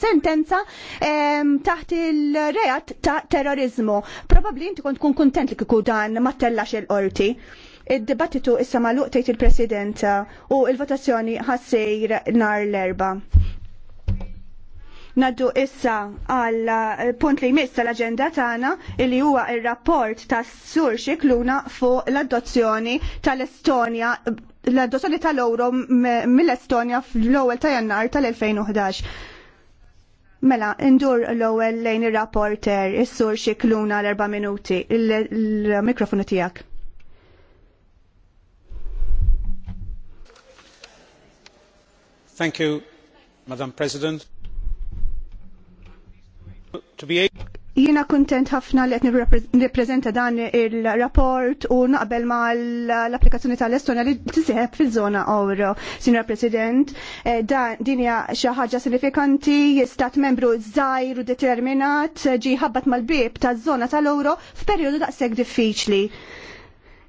sentenza taħt il-rejat ta' terrorizmu. Probabli inti kont kun kontent li kiku dan ma tellax il-qorti id-dibattitu issa ma' tgħid il-President u il-votazzjoni ħassir nar l-erba. Naddu issa għal punt li jmiss tal-aġenda tagħna li huwa ir-rapport tas-sur Xikluna fuq l-adozzjoni tal-Estonja l-adozzjoni tal ewro mill-Estonja fl-ewwel ta' Jannar tal-2011. Mela, indur l-ewwel lejn ir-rapporter is-sur xikluna l-erba' minuti. Il-mikrofonu tiegħek. Thank you, Madam President. To be able Jina kontent ħafna li qed nirrappreżenta dan il-rapport u naqbel ma l-applikazzjoni tal-Estona li t-siħeb fil-żona euro, Signor President. Eh, Dinja din hija xi ħaġa sinifikanti, stat membru zaħir u determinat eh, ġi ħabbat mal-bib taż-żona tal-euro f'perjodu daqshekk diffiċli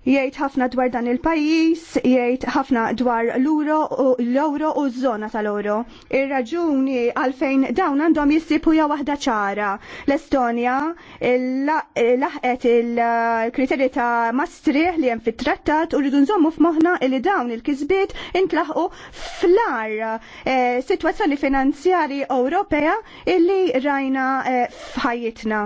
jgħid ħafna dwar dan il-pajjiż, jgħid ħafna dwar l uro u l-euro u z żona tal oro Ir-raġuni għalfejn dawn għandhom jissipu ja waħda ċara. L-Estonja laħqet il-kriterji ta' mastriħ li hemm fit-trattat u rridu nżommu f'moħħna li dawn il-kisbiet intlaħqu fl-ar e, sitwazzjoni finanzjari Ewropea illi rajna e, f'ħajjitna.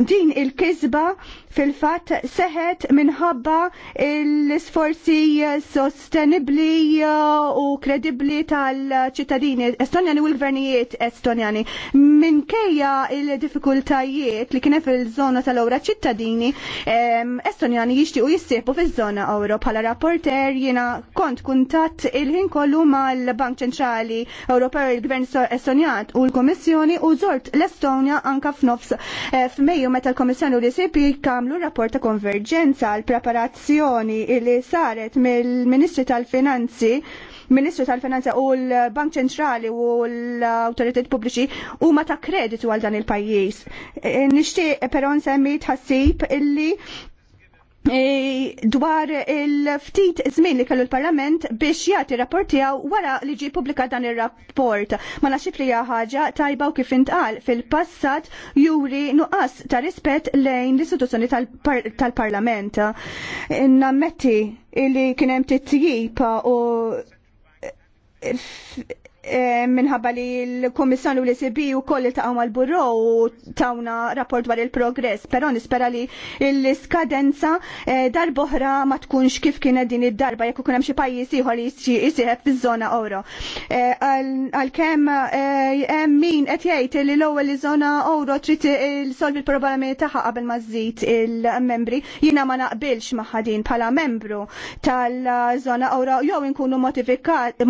Din il-kisba fil-fatt seħet minħabba minħabba l-sforzi sostenibli uh, u kredibli tal-ċittadini estonjani u l-gvernijiet estonjani. kejja il-difikultajiet li kienet fil-zona tal għura ċittadini estonjani jixtiequ jissieħbu fiż-żona għura bħala rapporter jiena kont kuntatt il-ħin kollu mal-Bank Ċentrali Ewropew il-Gvern Estonjat u l-Komissjoni u zort l-Estonja anka f'nofs eh, f'Mejju meta l-Komissjoni u l-ICP kamlu rapport ta' konverġenza għal l-operazzjoni li saret mill-Ministri tal-Finanzi Ministru tal-Finanza u l-Bank Ċentrali u l-Autoritet Pubbliċi huma ta' kreditu għal dan il-pajjiż. E, nixtieq però nsemmi tħassib illi E, dwar il-ftit żmien li kellu l-Parlament biex jagħti rapportijaw wara li ġie publika dan ir-rapport. Ma naxif li ħaġa tajba u kif intqal fil-passat juri nuqas ta' rispett lejn l-istituzzjoni tal-Parlament. Nammetti li kien hemm titjib u E, minħabba li l kummissjoni u l-ECB u koll ta' għamal burro u tawna rapport dwar il-progress, pero nispera li l-skadenza e, darboħra ma tkunx kif kienet din id-darba jekk ikun hemm xi pajjiż ieħor li jisieħeb fiż-żona euro. E, għalkemm hemm min qed jgħid li l-ewwel iż-żona euro trid solvi l-problemi tagħha qabel ma żżid il-membri, jiena ma naqbilx ma' ħadin bħala membru tal-żona Oro jew inkunu motivikat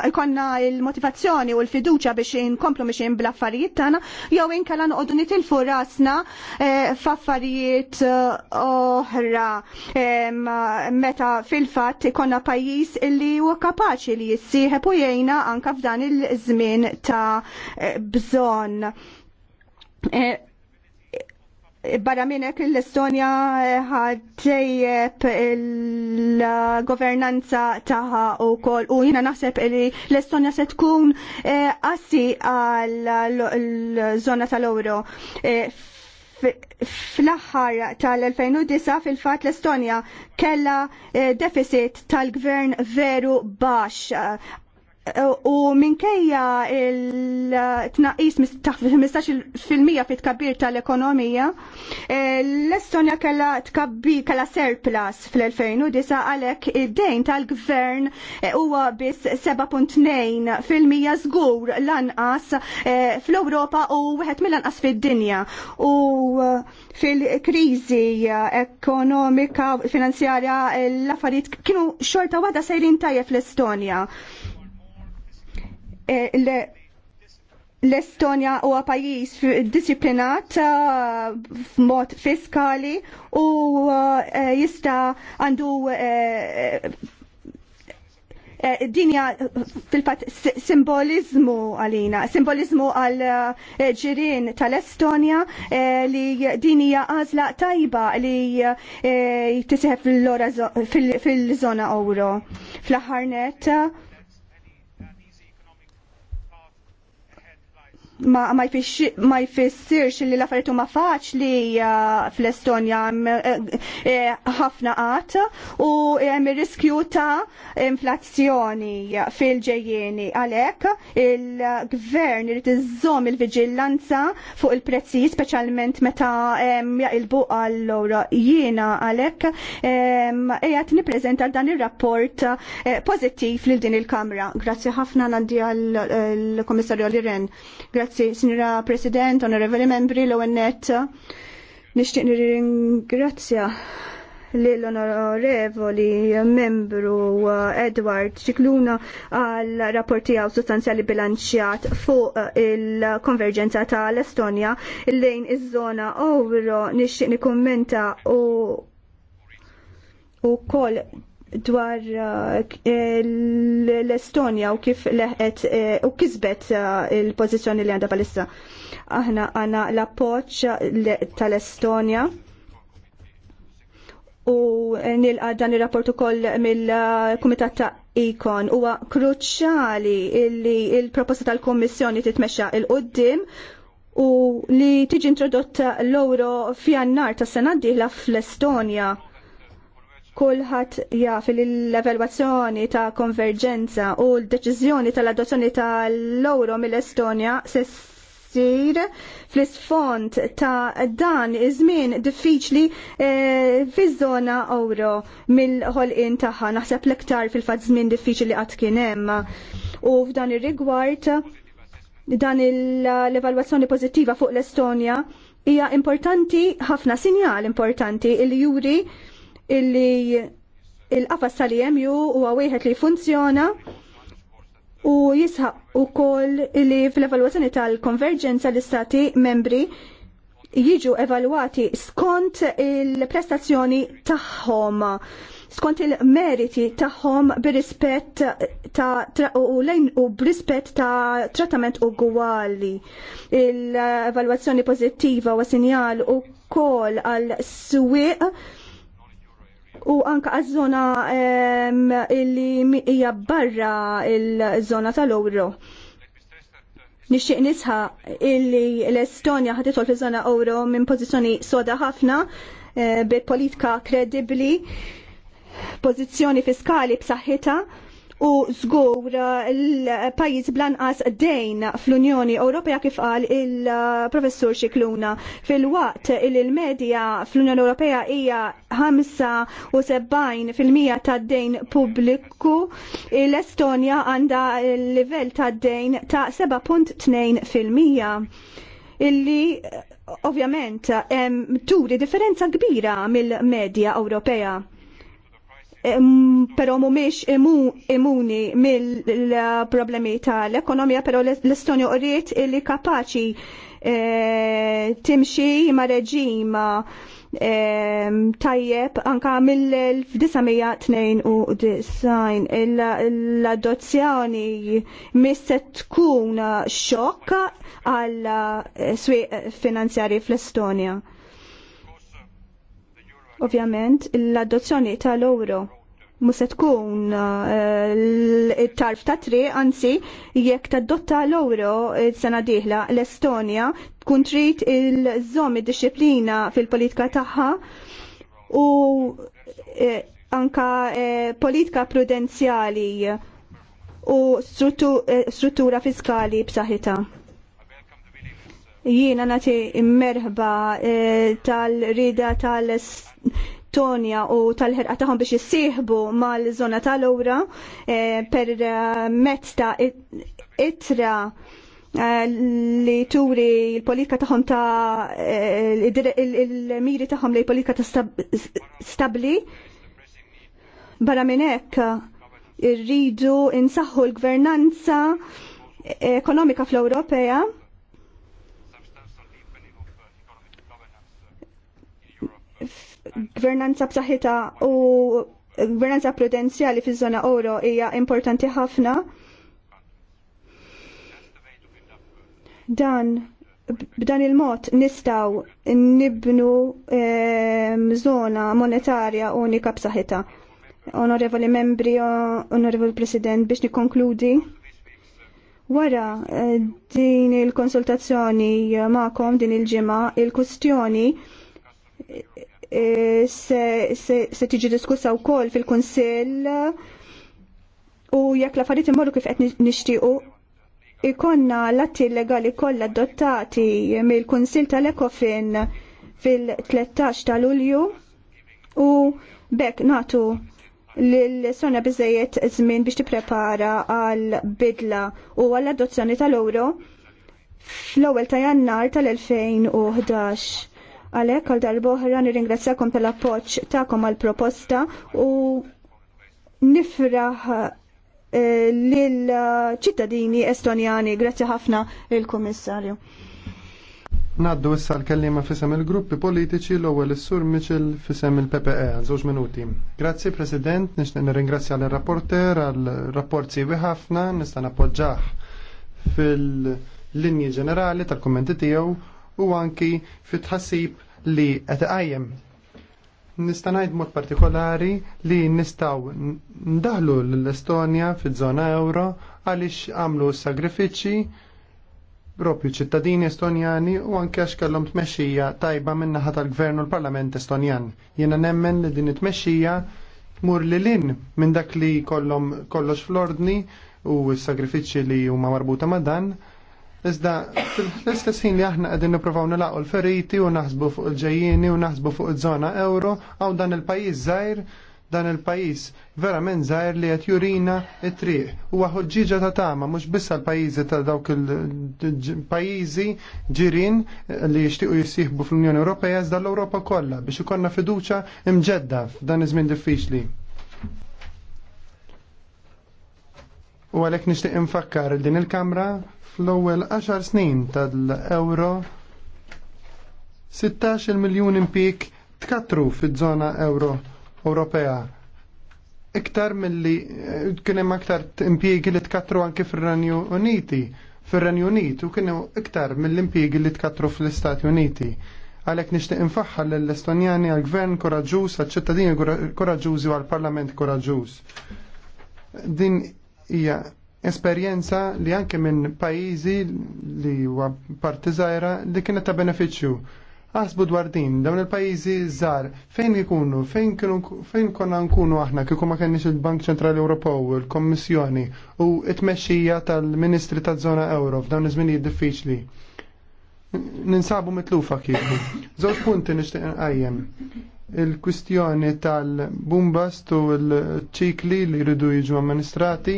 ikonna il-motivazzjoni u l-fiduċa biex inkomplu biex in bl-affarijiet tagħna jew inkella noqogħdu nitilfu rasna eh, f'affarijiet eh, oħra meta fil-fatt ikonna pajjiż illi huwa kapaċi li jissieħeb u jgħinna anke f'dan il-żmien ta' eh, bżonn barra minnek l-Estonja eh, ħadġejjeb il-governanza taħħa u kol u jina naħseb li l-Estonja se tkun eh, assi għal-zona tal-Euro. Eh, Fl-axħar tal-2009 fil-fat l-Estonja kella deficit tal-gvern veru bax U minkejja il-tnaqis ta' 15% fit tkabbir tal-ekonomija, eh, l-Estonja kella tkabbi kella surplus fl-2009 għalek id-dejn tal-gvern eh, huwa biss 7.2% żgur lanqas eh, fl-Ewropa u wieħed mill-anqas fid-dinja. U fil-kriżi ekonomika finanzjarja l-affarijiet kienu xorta wada sejrin tajja fl-Estonja. Eh, l-Estonja huwa pajjiż disciplinat eh, f'mod fiskali u eh, jista' għandu dinja fil-fat simbolizmu għalina, simbolizmu għal ġirin tal-Estonja li dinja għazla tajba li jtisħe fil-zona euro. Fl-ħarnet, ma, ma, ma jfissirx li l-affarijiet huma faċli uh, fl-Estonja eh, eh, ħafna qatt u hemm ir-riskju ta' inflazzjoni fil-ġejjieni. Għalhekk il-gvern irid iżżomm il-viġillanza fuq il prezzi speċjalment meta jaqilbu allura jiena għalhekk qiegħed nippreżenta dan ir-rapport eh, pożittiv lil din il-Kamra. Grazzi ħafna għandi l komissarju Liren. Grazzi Grazzi, Signora President, Onorevoli Membri, l-ONET. Nishtiq ringrazzja l-onorevoli membru Edward Ċikluna għal rapporti għaw sostanzjali bilanċjat fuq il-konverġenza tal-Estonja lejn iż-żona ovro nixtieq nikkummenta u u kol dwar uh, eh, l-Estonja u kif leħet eh, u kisbet uh, il-pozizjoni li għanda palissa. Aħna għana l-appoċ tal-Estonja u nilqa dan il-rapport ukoll mill-Kumitat ta' ikon huwa kruċali illi il-proposta tal-Kommissjoni titmexxa il-qoddim u li tiġi introdotta l-euro fjannar tas sena d-dieħla fl-Estonja kulħadd jaf l-evalwazzjoni ta' konverġenza u l-deċiżjoni tal-adozzjoni tal-euro mill-Estonja se ssir fl-isfond ta' dan iż-żmien diffiċli eh, fiż-żona euro mill-ħolqien tagħha naħseb l-iktar fil-fatt żmien diffiċli qatt kien hemm. U f'dan ir-rigward dan l-evalwazzjoni pożittiva fuq l-Estonja hija importanti ħafna sinjal importanti il-juri illi il-qafas tal imu huwa wieħed li funzjona u jisħaq ukoll li fl-evalwazzjoni tal-konverġenza l-istati membri jiġu evalwati skont il-prestazzjoni tagħhom skont il-meriti tagħhom bir-rispett ta' u lejn u b'rispett ta' trattament ugwali. Il-evalwazzjoni pożittiva u sinjal ukoll għal swieq u anka għaż-żona illi hija barra il-żona tal-Ewro. Nixtieq nisħa illi l-Estonja ħad titol fiż-żona Ouro minn pożizzjoni soda ħafna eh, bi politika kredibbli, pożizzjoni fiskali b'saħħitha u żgur l-pajjiż blanqas dejn fl-Unjoni Ewropea kif qal il-professur Xikluna fil-waqt il il-medja medja fl unjoni Ewropea hija 75% tad-dejn pubbliku l-Estonja għandha il livell tad-dejn ta' 7.2% illi ovvjament turi differenza kbira mill-medja Ewropea però mhumiex imuni mill-problemi tal-ekonomija, però l-Estonja qriet li kapaċi eh, timxi ma' reġim tajjeb anka mill-1992 l-adozzjoni misset tkun xokk għal eh, swieq finanzjari fl-Estonja. Ovvjament, l-adozzjoni tal-euro se tkun eh, tarf ta' tri, anzi, jekk tadotta l-euro sena diħla l-Estonja tkun trid il-żomi disciplina fil-politika tagħha u eh, anka eh, politika prudenzjali u struttura fiskali b'saħħitha jiena nati merħba tal-rida tal estonia Tonja u tal-ħerqa tagħhom biex jissieħbu mal-żona tal ura eh, per eh, mezz ta' itra eh, li turi l-politika tagħhom ta' il-miri tagħhom li politika ta' stabli barra minn hekk irridu insaħħu l-gvernanza ekonomika fl-Ewropea Gvernanza b'saħħitha u gvernanza prudenzjali fiż-żona euro hija importanti ħafna. Dan b'dan il-mod nistgħu nibnu żona ehm, monetarja unika b'saħħitha. Onorevoli membri, onorevoli president, biex nikonkludi. Wara eh, din il-konsultazzjoni ma'kom din il-ġimgħa, il-kustjoni il ġimgħa il il ġimgħa il kustjoni se tiġi diskussa wkoll fil-Kunsill u jekk l-affarijiet imorru kif qed nixtiequ ikonna l-atti legali kollha adottati mill-Kunsill tal-Ekofin fil-13 ta' Lulju u bekk natu l-sona bizzejiet zmin biex tipprepara għal bidla u għall adozzjoni tal-euro fl-ewwel ta' jannar tal-2011. Għalek, għal darboħra nirringrazzjakom tal-appoċ ta'kom għal-proposta u nifraħ eh, lill-ċittadini estonjani. Grazzi ħafna il-Komissarju. Naddu issa l-kellima fisem il-gruppi politiċi l-ewwel is-Sur Michel fisem il-PPE għal żewġ minuti. Grazzi President, nixtieq nirringrazzja l rapporter għal rapport siewi ħafna, nista' nappoġġah fil-linji ġenerali tal-kummenti tiegħu u anki fit tħassib li qed iqajjem. Nista' ngħid mod partikolari li nistgħu ndaħlu l-Estonja fiż-żona euro għaliex għamlu sagrifiċċji propju ċittadini estonjani u anke għax kellhom tmexxija tajba minn naħa tal-Gvern u l-Parlament Estonjan. Jiena nemmen li din it-tmexxija mur li lin minn dak li kollox fl-ordni u s-sagrifiċċji li huma marbuta ma' dan Iżda, fl-istess ħin li aħna qegħdin nippruvaw nilaqgħu l-feriti u naħsbu fuq il-ġejjieni u naħsbu fuq iż-żona euro għaw dan il-pajjiż żgħir dan il pajjiż verament żgħir li qed jurina t-triq. Huwa ħoġġiġa ta' tama mhux biss l-pajjiżi ta' dawk il-pajjiżi ġirin li jixtiequ jissieħbu fl-Unjoni Ewropea iżda l-Ewropa kollha biex ikollna fiduċja imġedda f'dan iż-żmien diffiċli. U għalhekk nixtieq infakkar din il-Kamra fl-ewwel 10 snin tal-euro 16 miljun impik tkatru fiż-żona euro Ewropea. Iktar milli kien hemm aktar impjiegi li tkatru anke fir-Renju Uniti, fir-Renju Unit u kienu iktar mill-impjiegi li tkatru fl-Istati Uniti. Għalhekk nixtieq infaħħal lill-Estonjani għall-Gvern koraġġuż, għall-ċittadini koraġġużi u għall-Parlament koraġġuż. Din hija esperjenza li anke minn pajjiżi li huwa partizajra li kienet ta' benefiċċju. Aħsbu dwar din, dawn il-pajjiżi żgħar fejn ikunu, fejn fejn konna nkunu aħna kieku ma kenniex il-Bank Ċentrali Ewropew, il-Kommissjoni u t-tmexxija tal-Ministri taż-żona Ewro f'dawn iż-żminijiet diffiċli. Ninsabu mitlufa kieku. Żewġ punti nixtieq nqajjem il-kwistjoni tal-bumbast u l-ċikli li jridu jiġu amministrati,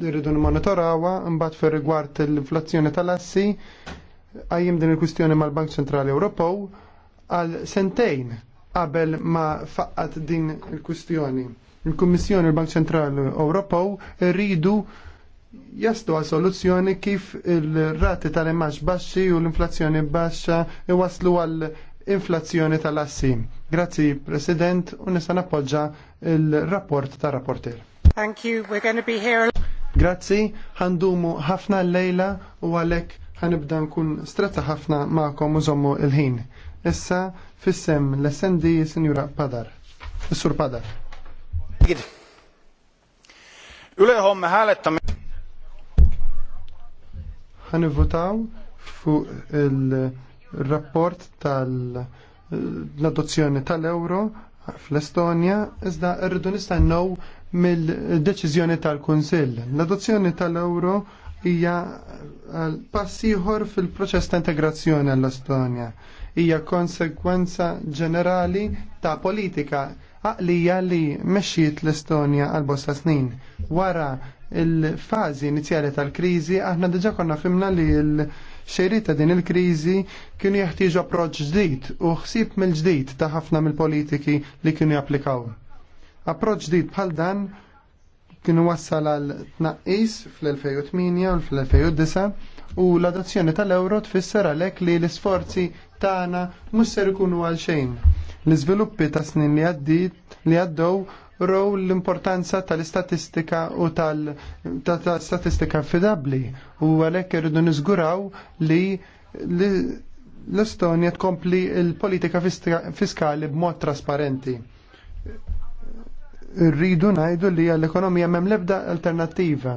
jridu monitorawa, mbagħad fer rigward l-inflazzjoni tal-assi, għajjem din il-kwistjoni mal-Bank Centrali Ewropew għal sentejn qabel ma faqqat din il-kwistjoni. Il-Kummissjoni u l-Bank Centrali Ewropew rridu jaslu għal soluzzjoni kif il-rati tal-imax baxxi u l-inflazzjoni baxxa iwaslu għal inflazzjoni tal-assi Grazzi, President, u nista' nappoġġa il-rapport ta' rapporter. Thank you, we're going to be here. Grazzi, ħandumu ħafna l-lejla u għalek ħanibda nkun stretta ħafna ma'kom u zommu il-ħin. Issa fissem l-SND Sinjura Padar. Sur Padar. Ylehomme hääletame. Ħanivvutaw fuq il-rapport tal- l-adozzjoni tal-euro fl-Estonja, iżda rridu nistennew mill-deċiżjoni tal-Kunsill. L-adozzjoni tal-euro hija eh, passiħor fil-proċess ta' integrazzjoni għall-Estonja. Hija konsekwenza ġenerali ta' politika għaqlija li mexxiet l-Estonja għal bosta snin. Wara il-fazi inizjali tal-kriżi aħna diġa konna fimna li l- Xejri ta' din il-kriżi kienu jeħtieġu approċċ ġdid u ħsieb mill-ġdid ta' ħafna mill-politiki li kienu japplikaw. Approċċ ġdid bħal dan kienu wassal għal tnaqqis fl-2008 u fl-2009 u l-adozzjoni tal-euro tfisser għalhekk li l-isforzi tagħna mhux ser ikunu għal xejn. L-iżviluppi ta' snin li għaddit li għaddew row l-importanza tal-istatistika u tal-statistika fidabli u għalhekk irridu niżguraw li l-Estonja tkompli l-politika fiskali b'mod trasparenti. Rridu ngħidu li għall-ekonomija mem l-ebda alternattiva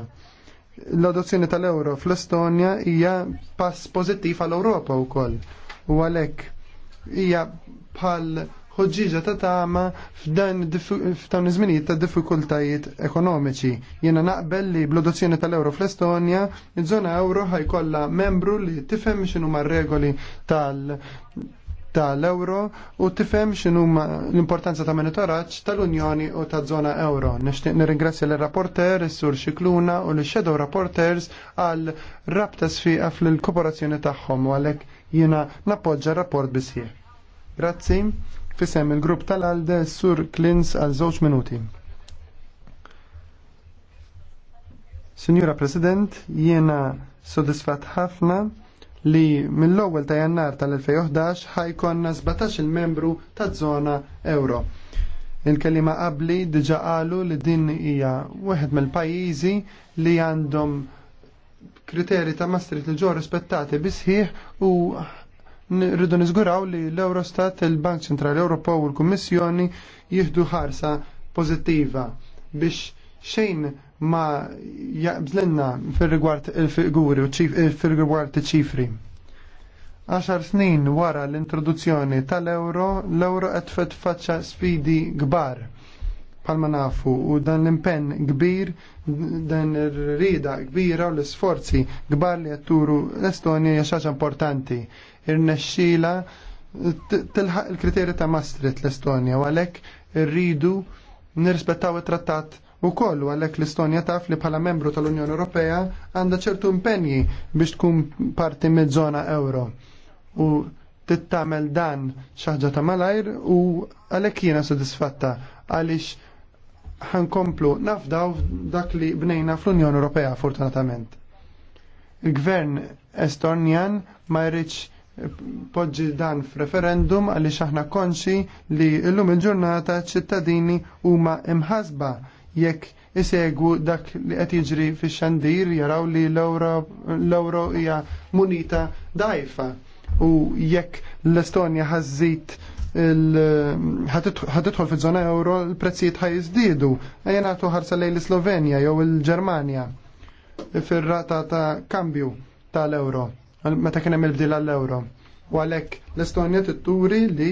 l-adozzjoni tal-euro fl-Estonja hija pass pożittiv għall-Ewropa wkoll. U għalhekk hija bħal ħoġġiġa ta' tama f'dawn iż-żminijiet ta' diffikultajiet ekonomiċi. Jiena naqbel li bl-adozzjoni tal-euro fl-Estonja, iż-żona euro ħajkollha membru li tifhem x'inhuma r-regoli tal- tal-euro u tifhem x'inhu l-importanza ta' monitoraġġ tal-Unjoni u taż-żona euro. Nixtieq nirringrazzja l rapporter is-sur Xikluna u l-Shadow Rapporters għal rabta sfiqa fil-kooperazzjoni tagħhom u għalhekk jiena nappoġġa r-rapport bisħieħ. Grazzi. Fissem il-grupp tal-Alde Sur Klins għal żewġ minuti. Signora President, jiena sodisfat ħafna li mill-ewwel ta' jannar tal-2011 ħajkonna 17 il-membru ta' zona euro. Il-kelima qabli diġa qalu li din hija wieħed mill-pajjiżi li għandhom kriteri ta' Maastricht li ġew rispettati bisħiħ u rridu niżguraw li l-Eurostat, il-Bank Centrali Ewropew u l-Kummissjoni jieħdu ħarsa pożittiva biex xejn ma jaqbżlenna fil-rigward il-figuri u fil-rigward il-ċifri. Għaxar snin wara l-introduzzjoni tal-euro, l-euro qed faċċa sfidi kbar palma nafu u dan l-impenn kbir, dan ir-rida kbira u l-sforzi kbar li għatturu l-Estonja hija importanti irnexxila tilħaq il-kriterji ta' Maastricht l-Estonja u għalhekk irridu nirrispettaw it-trattat u għalhekk l-Estonja taf li bħala membru tal-Unjoni Ewropea għandha ċertu impenji biex tkun parti mid-żona euro. U tittamel dan xaħġa ta' malajr u għalhekk jiena sodisfatta għaliex ħankomplu nafdaw dak li bnejna fl-Unjoni Ewropea fortunatament. Il-gvern Estonjan ma jridx poġġi dan f'referendum għaliex aħna konxi li llum il-ġurnata ċittadini huma imħasba jekk isegwu dak li qed jiġri fix-xandir jaraw li l-euro hija munita dajfa u jekk l-Estonja ħażit ħatidħol fi żona euro l-prezzijiet ħajżdiedu ejja nagħtu ħarsa lejn l-Slovenja jew il-Ġermanja fir-rata ta' kambju tal-euro meta kien hemm il-bdil għall-euro. U għalhekk l-Estonja titturi li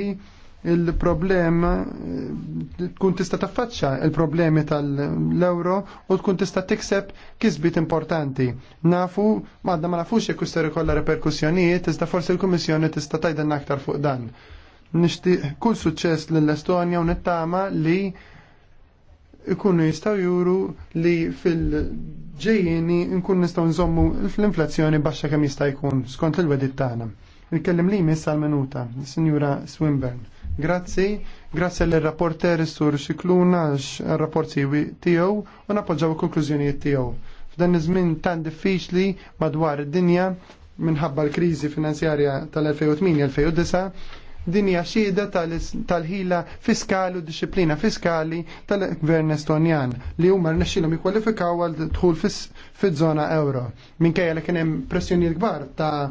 il-problema eh, tkun tista' taffaċċa il-problemi tal-euro u tkun tista' tikseb kisbit importanti. Nafu, għadna ma nafux jekk jista' jkollha reperkussjonijiet, iżda forsi l-Kummissjoni tista' tajdan aktar fuq dan. Nixtieq kull suċċess lill-Estonja u nittama li ikunu jistaw juru li fil-ġejjini nkun nistaw nżommu l-inflazzjoni baxxa kemm jista' jkun skont il-wedit tagħna. Nitkellem li jmiss għal-minuta, Sinjura Swinburne. Grazzi, grazzi l rapporter sur Xikluna għal-rapport siwi tiegħu u nappoġġaw il-konklużjonijiet tiegħu. F'dan iż-żmien tant diffiċli madwar id-dinja minħabba l-kriżi finanzjarja tal-2008-2009 Din hija xhieda tal-ħila fiskali u disciplina fiskali tal-gvern Estonjan li huma rnexxielhom jikkwalifikaw għal dħul fiż-żona euro. Minkejja li kien hemm pressjoni kbar ta'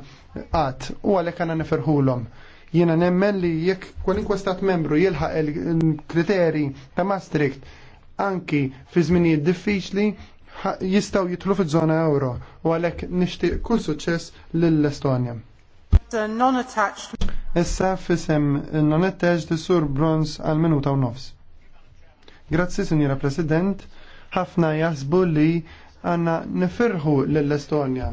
qatt u għalhekk għandna niferħulhom. jiena nemmen li jekk kwalinkwa stat membru jilħaq il-kriteri ta' Maastricht anki fi żminijiet diffiċli jistaw jitlu fiż żona euro u għalhekk nixtieq kull suċċess lill-Estonja. Issa fisem il-nonetteġ di sur bronz għal minuta u nofs. Grazzi, signora President, ħafna jasbu li għanna nifirħu l-Estonja.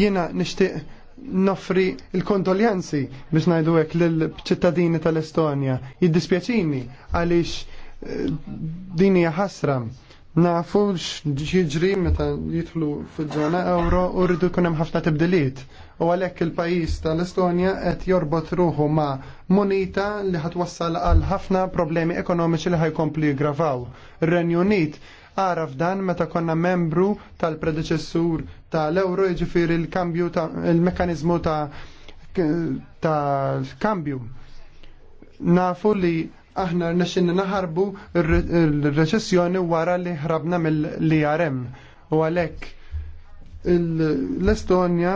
Jena nishtiq nofri il-kondoljanzi biex najdu għek l-ċittadini tal-Estonja. Jiddispjaċini għalix eh, dini ħasra nafu x'jiġri meta jidħlu fiż-żona euro u rridu jkun hemm ħafna tibdiliet. U għalhekk il-pajjiż tal-Estonja qed jorbot ruħu ma' munita li ħatwassal għal ħafna problemi ekonomiċi li ħajkompli jgravaw. Ir-Renju Unit ara f'dan meta konna membru tal-predeċessur tal-euro jiġifieri il-kambju il-mekanizmu ta' ta' kambju. Nafu li aħna rnexxinna naħarbu r-reċessjoni wara li ħrabna mill-IRM u għalhekk l-Estonja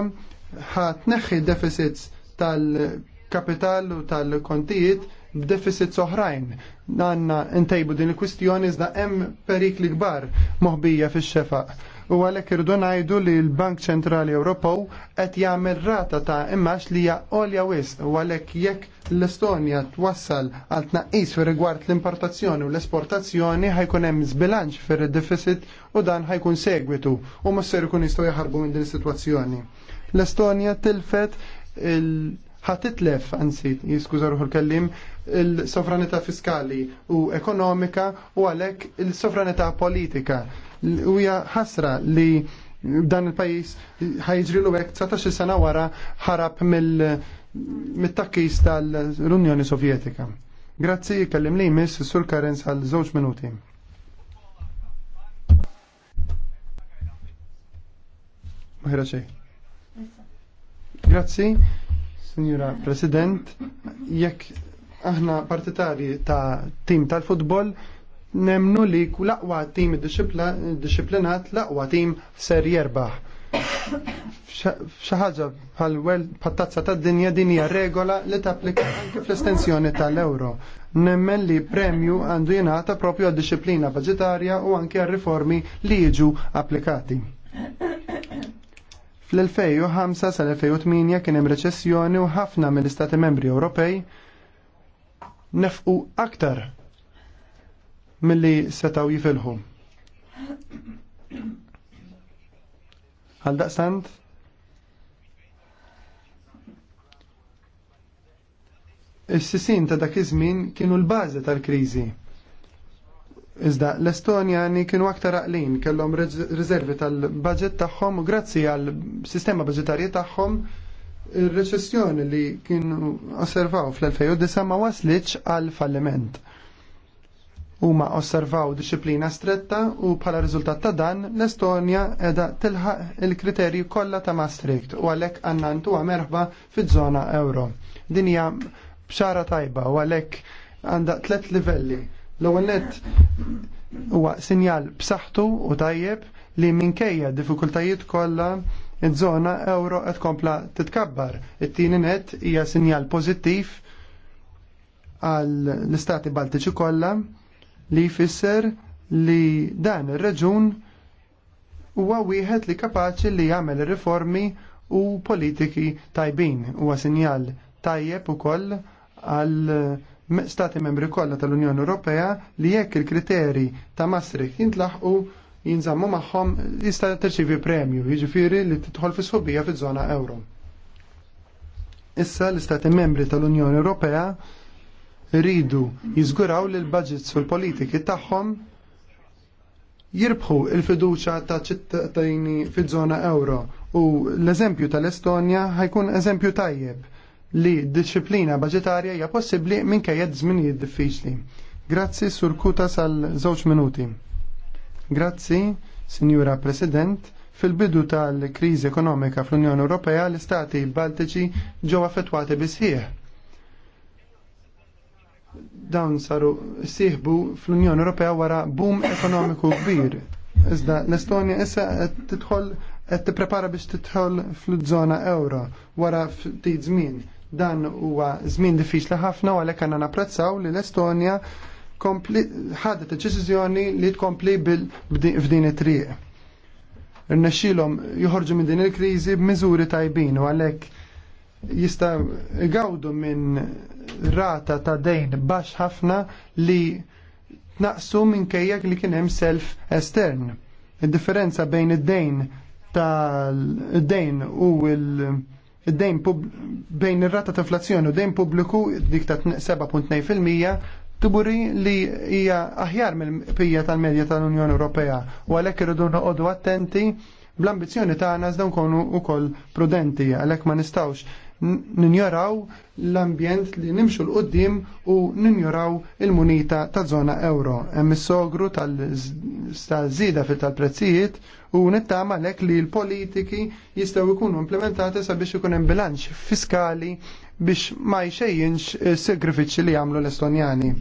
ħat neħi deficits tal-kapital u tal-kontijiet b'deficits oħrajn. Għanna ntejbu din il-kwistjoni iżda hemm perikli kbar moħbija fix-xefaq u għalhekk irdu ngħidu li l-Bank Ċentrali Ewropew qed jagħmel rata ta' imax li hija għolja wisq u għalhekk jekk l-Estonja twassal għal tnaqqis fir rigward l-importazzjoni u l-esportazzjoni ħajkun hemm żbilanċ fir-deficit u dan ħajkun segwitu u mhux ser ikun jistgħu jaħarbu minn din is-sitwazzjoni. L-Estonja tilfet il ħatitlef, anzi, jiskuza ruħu l-kellim, il-sovranità fiskali u ekonomika u għalek il-sovranità politika. U hija ħasra li dan il-pajis ħajġri l hekk 19 sena wara ħarab mill-takkis tal-Unjoni Sovjetika. Grazzi, kellim li jmiss sur Karenz għal żewġ minuti. Maħra xej. Grazzi, Signora President, jekk aħna partitari ta' tim tal-futbol nemnu li l-aqwa tim disciplinat l-aqwa tim ser jerbaħ. ħaġa bħal pattazza ta' dinja din hija regola li tapplika anke fl-estensjoni tal-euro. Nemmen li premju għandu jingħata propju għad-disciplina budgetarja u anke għal riformi li jiġu applikati. Fl-2005 sal-2008 kien hemm reċessjoni u ħafna mill-Istati Membri Ewropej nefqu aktar milli setaw jifilħu. Għal daqsant? Is-sisin ta' dak iż-żmien kienu l-bażi tal-kriżi. Iżda l-Estonjani kienu aktar aqlin, kellhom riservi tal-budget tagħhom u grazzi għal sistema budgetarji tagħhom il-reċessjoni li kienu osservaw fl-2009 ma waslitx għal falliment. Huma osservaw disciplina stretta u bħala riżultat ta' dan l-Estonja edha tilħaq il-kriterji kollha ta' Maastricht u għalhekk għandna ntuha merħba fiż-żona euro. Din hija bxara tajba u għalhekk għandha tliet livelli. L-ewwel nett huwa sinjal b'saħħtu u tajjeb li minkejja diffikultajiet kollha Iż-żona euro qed kompla titkabbar. It-tieni net hija sinjal pożittiv għal l-istati Baltiċi kollha li jfisser li dan ir-reġun huwa wieħed li kapaċi li jagħmel riformi u politiki tajbin. Huwa sinjal tajjeb ukoll għal stati membri kollha tal-Unjoni Ewropea li jekk il-kriteri ta' Maastricht jintlaħqu jinżammu magħhom jista' terċivi premju, jiġifieri li tidħol fi sħubija fiż-żona euro. Issa l-Istati membri tal-Unjoni Ewropea rridu jiżguraw li l-budgets u l-politiki tagħhom jirbħu il-fiduċa ta' ċittadini fiż-żona euro u l-eżempju tal-Estonja ħajkun eżempju tajjeb li disciplina budgetarja hija possibbli minkejja żminijiet diffiċli. Grazzi Sur Kuta sal żewġ minuti. Grazzi, Signora President, fil-bidu tal-kriżi ekonomika fl-Unjoni Ewropea l-Istati Baltiċi ġew affettwati bisħieħ dawn saru siħbu fl-Unjoni Ewropea wara boom ekonomiku kbir. Iżda l-Estonja issa qed tidħol qed tipprepara biex tidħol fl-żona euro wara ftit żmien. Dan huwa żmien diffiċli ħafna u għalhekk għandna napprezzaw li l-Estonja ħadet deċiżjoni li tkompli f'din it-triq. Irnexxilhom joħorġu minn din il-kriżi b'miżuri tajbin u għalhekk jista' gawdu minn rata ta' dejn baxx ħafna li tnaqsu minkejja li kien hemm self estern. Id-differenza bejn id-dejn tal-dejn u l- dejn bejn ir-rata ta' inflazzjoni u dejn pubbliku dik ta' 7.2% tiburi li hija aħjar mill-pija tal-medja tal-Unjoni Ewropea u għalhekk irridu noqogħdu attenti bl-ambizzjoni tagħna iżda nkunu wkoll prudenti għalhekk ma nistgħux ninjoraw l-ambjent li nimxu l-qoddim u ninjoraw il-munita ta' zona euro. Hemm is-sogru tal-żida fil tal-prezzijiet u nittama lek li l-politiki jistgħu jkunu implementati sabiex ikun hemm bilanċ fiskali biex ma jxejjinx is-sagrifiċċji li jagħmlu l-Estonjani.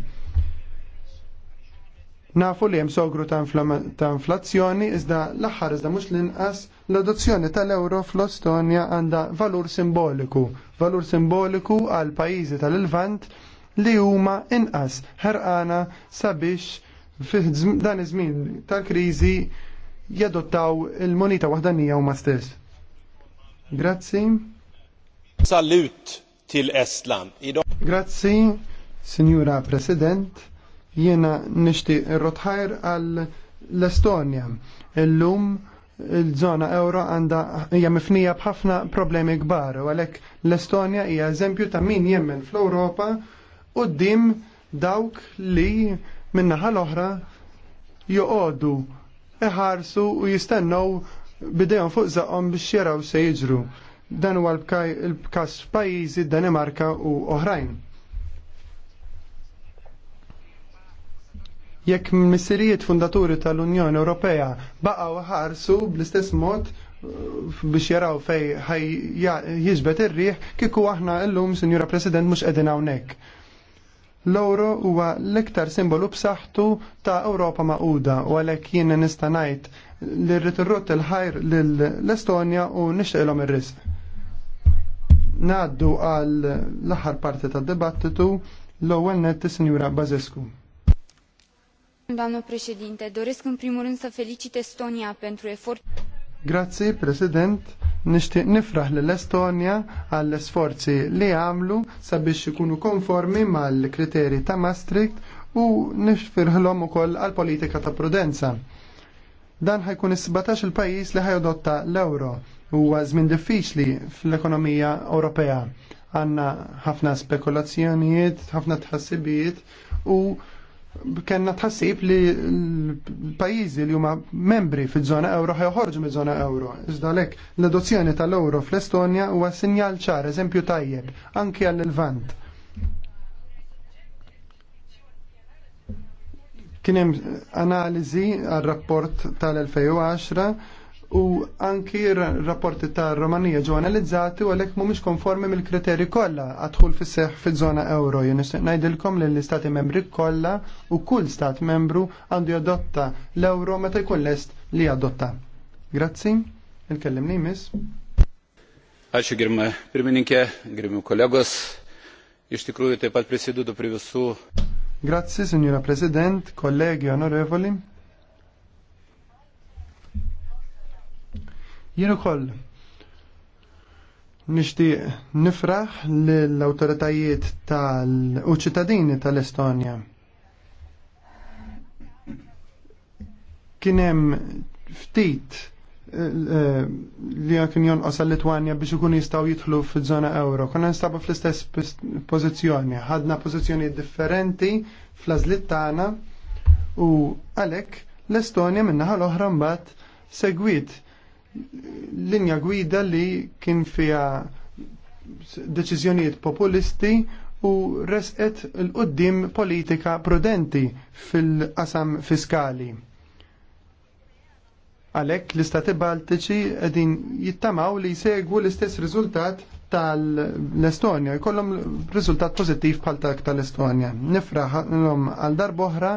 Nafu li hemm sogru ta' inflazzjoni iżda l-aħħar iżda mhux l-inqas l-adozzjoni tal-euro fl ostonja għandha valur simboliku, valur simboliku għal pajjiżi tal-Ilvant li huma inqas ħerqana sabiex fi dan iż-żmien tal-kriżi jadottaw il-monita waħdanija huma stess. Grazzi. Salut til Estland. Grazzi, Signora President Jiena nixtieq irrotħajr għal l-Estonja. Illum il-żona euro għandha hija mifnija b'ħafna problemi kbar u għalhekk l-Estonja hija eżempju ta' min jemmen fl-Ewropa d-dim dawk li minna l-oħra joqogħdu iħarsu u jistennew bidejhom fuq żaqhom biex jaraw se jiġru. Dan huwa l-każ f'pajjiżi Danimarka u oħrajn. jekk missirijiet fundaturi tal-Unjoni Ewropea baqgħu ħarsu bl-istess mod uh, biex jaraw fej jiġbet ir-riħ kieku aħna llum, Sinjura President, mhux qegħdin hawnhekk. L-euro huwa l-iktar simbolu b'saħħtu ta' Ewropa maquda u għalhekk jiena nista' ngħid li rrid irrott il-ħajr lill-Estonja u nixtieqhom ir-risq. Ngħaddu għal l-aħħar parti tad-dibattitu l-ewwel nett is-Sinjura Bażescu doresc în primul rând să felicit Estonia pentru efort. Grazie, President. Nixtieq nifraħ l estonja għall sforzi li għamlu sabiex ikunu konformi mal-kriteri ta' Maastricht u nixfirħlhom ukoll għall politika ta' prudenza. Dan ħajkun is-17 il-pajjiż li ħajodotta l-euro huwa żmien diffiċli fl-ekonomija Ewropea. Għandna ħafna spekulazzjonijiet, ħafna tħassibijiet u kena tħassib li l-pajizi li huma membri fil-żona euro uħorġu mill-żona euro. Iżda l-adozzjoni tal-euro fl-Estonja huwa sinjal ċar, eżempju tajjeb, anki għall-Levant. Kien hemm analiżi għar-rapport tal-2010 u anki rapporti ta' Romanija ġo analizzati u għalhekk mhumiex konformi mill-kriterji kollha għadħul fis seħħ fi żona euro. Jien ngħidilkom li l-istati membri kollha u kull stat membru għandu jadotta l-euro meta jkun lest li jadotta. Grazzi, il-kellimni miss. Għaxi għirma, pirmininkė, għirma kollegos. Iš tikrųjų taip pat prisidedu prie signora President, kollegi onorevoli. Jien ukoll nixtieq nifraħ lill-awtoritajiet tal u tal-Estonja. Kien hemm ftit eh, eh, li kien jonqos għal-Litwanja biex ikun jistgħu jidħlu f-zona euro. Konna nistabu fl-istess pożizzjoni, ħadna pozizjoni differenti fl azlit u għalhekk l-Estonja minna l-oħra mbagħad segwit linja gwida li kien fija deċiżjonijiet populisti u resqet l-qoddim politika prudenti fil-qasam fiskali. Għalek l-istati baltiċi għedin jittamaw li jsegwu l-istess riżultat tal-Estonja jkollhom rizultat pozittiv bħal dak tal-Estonja. Nifraħ um, għal darboħra,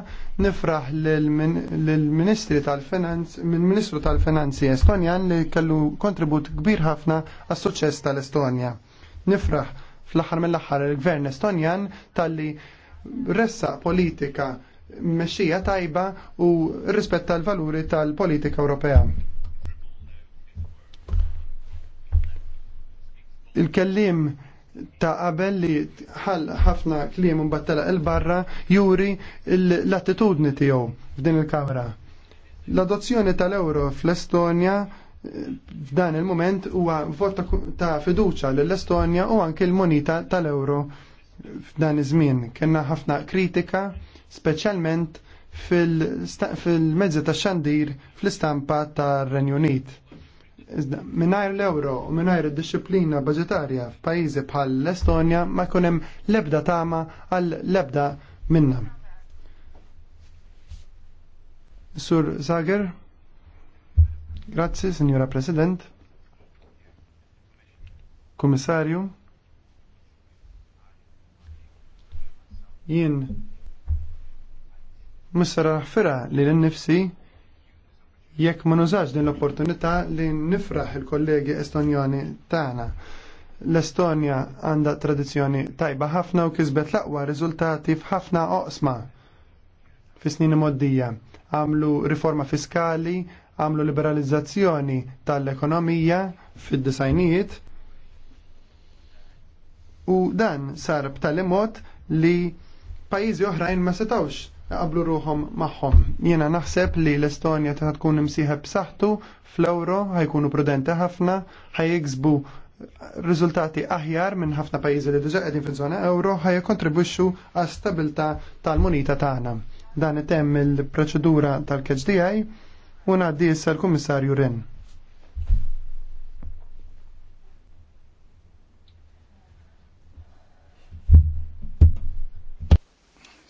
nifraħ lill-Ministri tal-Finanz, mill-Ministru tal-Finanzi Estonjan li kellu kontribut kbir ħafna għas-suċċess tal-Estonja. Nifraħ fl-aħħar mill-aħħar il-Gvern Estonjan talli ressa politika mexxija tajba u rispetta l-valuri tal-politika Ewropea. il-kellim ta' qabel li ħafna kliem un il-barra juri l-attitudni tiegħu f'din il-kamra. L-adozzjoni tal-euro fl-Estonja eh, f'dan il-moment huwa vot ta' fiduċa lill-Estonja u anke l-monita tal-euro f'dan iż-żmien. Kenna ħafna kritika, speċjalment fil-mezzi ta' xandir fl-istampa tar-Renju Unit Iżda, minnajr l-euro u minnajr disciplina budgetarja f'pajjiżi bħal l-Estonja ma l lebda tama għal lebda minna. Sur Sager, grazzi, Signora President, Komissarju, jien Mr. Raffira li l-nifsi jekk ma nużax din l-opportunità li nifraħ il-kollegi Estonjani tagħna. L-Estonja għandha tradizzjoni tajba ħafna u kisbet l-aqwa riżultati f'ħafna oqsma fis-snin moddija. Għamlu riforma fiskali, għamlu liberalizzazzjoni tal-ekonomija fid-disajnijiet u dan sar b'tali mod li pajjiżi oħrajn ma setawx qablu ruħom maħħom. Jena naħseb li l-Estonja ta' tkun imsieħeb b'saħħtu fl-euro ħajkunu prudenti ħafna, ħajjiksbu riżultati aħjar minn ħafna pajjiżi li diġa qegħdin fiż-żona euro ħajkontribwixxu għal stabilità tal-munita tagħna. Dan itemm il-proċedura tal DI u ngħaddi issa l-Kummissarju Ren.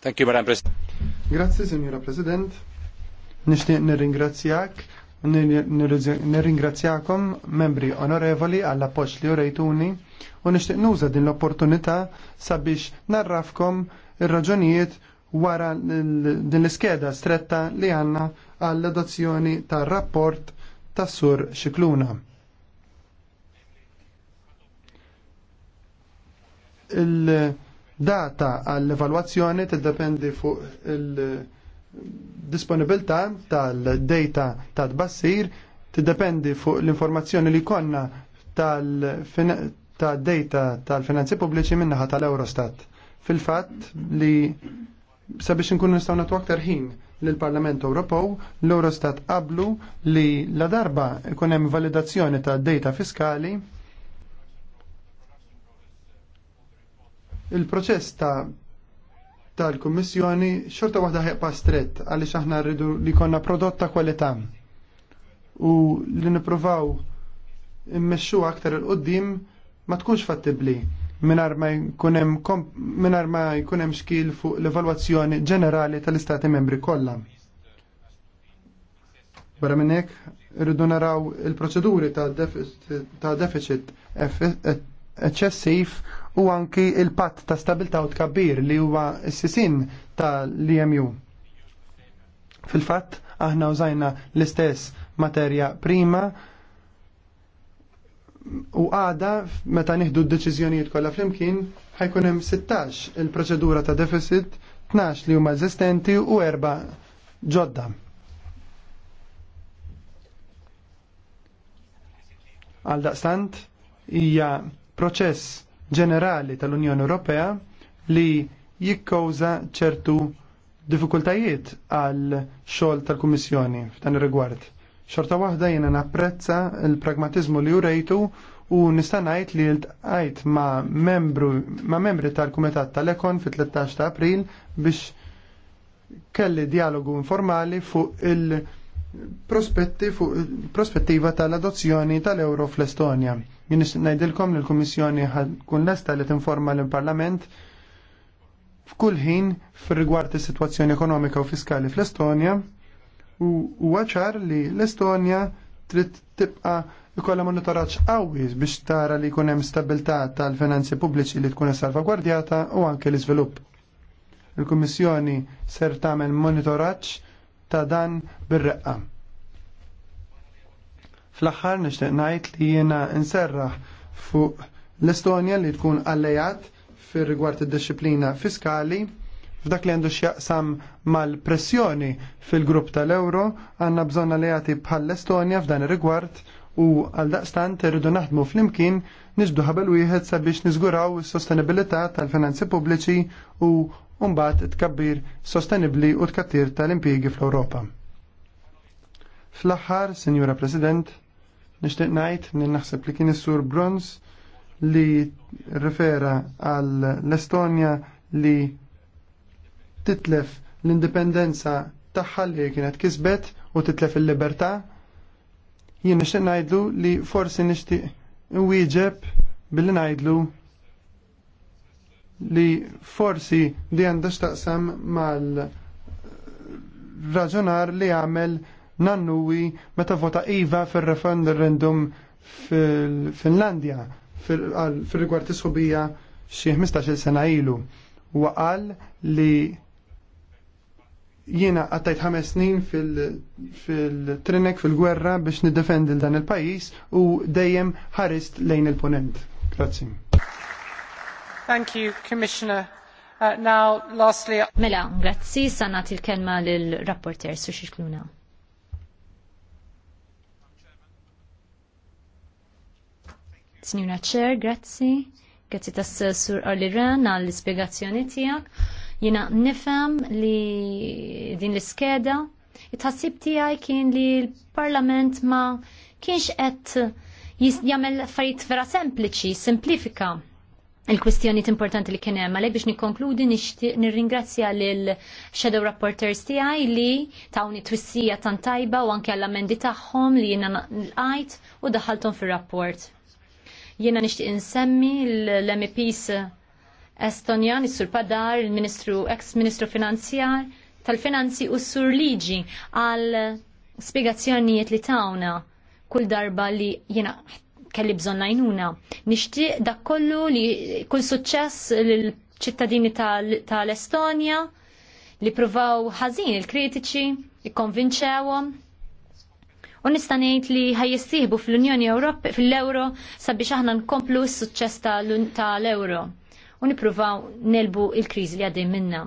Thank you, Madam President. Grazzi, Signora President. Nishtiq nirringrazzjak, nirringrazzjakom membri onorevoli għall appoġġ li urejtuni u nishtiq nuża din l-opportunità sabiex narrafkom ir-raġunijiet wara din l-iskeda stretta li għanna għall-adozzjoni tar-rapport tas-sur Xikluna. il- data għall-evalwazzjoni tiddependi fuq il-disponibilità tal-data tal-bassir, tiddependi fuq l-informazzjoni li konna tal-data tal-finanzi pubbliċi minnaħa tal-Eurostat. Fil-fatt li sabiex nkunu nistgħu nagħtu aktar ħin l-Parlament Ewropew, l-Eurostat qablu li la darba ikun hemm validazzjoni tad data fiskali Il-proċess ta' tal-Kummissjoni xorta waħda ħeqpa strett għaliex aħna rridu li konna prodott ta' kwalità u li nippruvaw immexxu aktar il-qoddim ma tkunx fattibbli minar ma jkun hemm xkil fuq l-evalwazzjoni ġenerali tal-Istati membri kollha. Barra minn hekk irridu naraw il-proċeduri ta' deficit eċċessiv u anki il-patt ta' stabilta' u tkabbir li huwa s-sisin tal-EMU. Fil-fatt, aħna użajna l-istess materja prima u għada meta nieħdu d-deċiżjonijiet kollha flimkien ħajkun hemm 16 il-proċedura ta' deficit, 12 li huma eżistenti u erba' ġodda. Għal daqstant hija proċess ġenerali tal-Unjoni Ewropea li jikkawża ċertu diffikultajiet għal xogħol tal-Kummissjoni f'dan ir-rigward. Xorta waħda jiena napprezza l pragmatiżmu li urejtu u nista' ngħid li ltqajt ma' membru ma' membri tal-Kumitat tal-Ekon fit-13 ta' April biex kelli dialogu informali fuq il- prospetti fuq prospettiva tal-adozzjoni tal-euro fl-Estonja. Jien ngħidilkom li l-Kummissjoni tkun lesta li tinforma l-Parlament f'kull ħin fir is-sitwazzjoni ekonomika u fiskali fl-Estonja u huwa ċar li l-Estonja trid tibqa' ikolla monitoraġġ qawwi biex tara li jkun hemm stabilità tal-finanzi pubbliċi li tkun salvagwardjata u anke l-iżvilupp. Il-Kummissjoni ser tagħmel monitoraġġ ta' dan bir-reqqa. Fl-aħħar nixtieq ngħid li jiena nserraħ fuq l-Estonja li tkun allejat fir rigward id-disciplina fiskali f'dak li għandu x'jaqsam mal-pressjoni fil-grupp tal-euro għandna bżonn allejati bħall-Estonja f'dan ir-rigward u għal daqstant irridu naħdmu fl-imkien nġbdu ħabel wieħed sabiex niżguraw is-sostenibilità tal-finanzi pubbliċi u mbagħad tkabbir sostenibbli u tkattir tal-impjiegi fl-Ewropa. Fl-aħħar, Sinjura President, nixtieq ngħid li naħseb li kien is-Sur Bronz li rifera għal l-Estonja li titlef l-indipendenza tagħha li kienet kisbet u titlef il-libertà. Jien nixtieq ngħidlu li forsi nixtieq wieġeb billi najdlu li forsi li għandha x'taqsam mal raġunar li għamel nannuwi meta vota iva fil-referendum fil-Finlandja fil-rigward is-subija xi 15-il sena ilu waqal li jiena għattajt ħames snin fil-trinek fil-gwerra biex nidefendil dan il-pajis u dejjem ħarist lejn il-ponent. Grazzi. Thank you, Commissioner. Uh, now, lastly... Mela, grazzi, sanat il-kelma l-rapporter, Sushi Kluna. Signora Chair, grazzi. Grazzi tas-sur Orliran għall-ispiegazzjoni tijak. Jina nifem li din l-iskeda. it tħassib tijaj kien li l-parlament ma kienx qed jagħmel affarijiet vera sempliċi, simplifika il-kwestjoni importanti li kien hemm biex nikkonkludi nixtieq nirringrazzja l shadow rapporters tiegħi li tawni twissija tan tajba u anke għall-amendi tagħhom li jiena lqajt u daħaltom fir-rapport. Jiena nixtieq insemmi l-MPs Estonjan, is-Sur Padar, il-Ministru ex-Ministru Finanzjar tal-Finanzi u s-Sur Liġi għal spiegazzjonijiet li tawna kull darba li jiena kelli bżonn għajnuna. Nixtieq dak kollu li kull suċċess lill-ċittadini tal-Estonja li provaw ħażin il-kritiċi, ikkonvinċewhom. U nista' ngħid li ħajjissieħbu fl-Unjoni Ewropea fil-Euro sabiex aħna nkomplu s-suċċess tal-Euro u nippruvaw nelbu il-kriżi li għaddej minnha.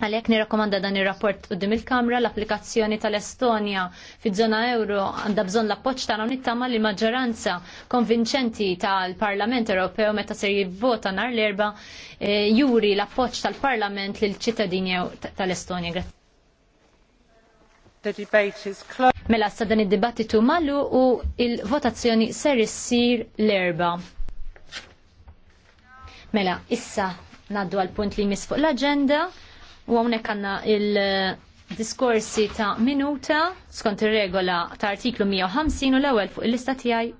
Għalek nirakomanda dan il-rapport u dim il-Kamra l-applikazzjoni tal-Estonia fi zona euro għanda bżon l-appoċ tagħna nittama li maġġoranza konvinċenti tal-Parlament Ewropew meta ser jivvota nar l-erba eh, juri l-appoċ tal-Parlament lil ċittadini tal-Estonia. Mela sa dan id-dibattitu mallu u il-votazzjoni ser issir l-erba. Mela, issa naddu għal punt li jmiss fuq l-agenda. U hawnhekk għandna il-diskorsi ta' minuta skont ir-regola ta' artiklu 150 u l-ewwel fuq il-lista tiegħi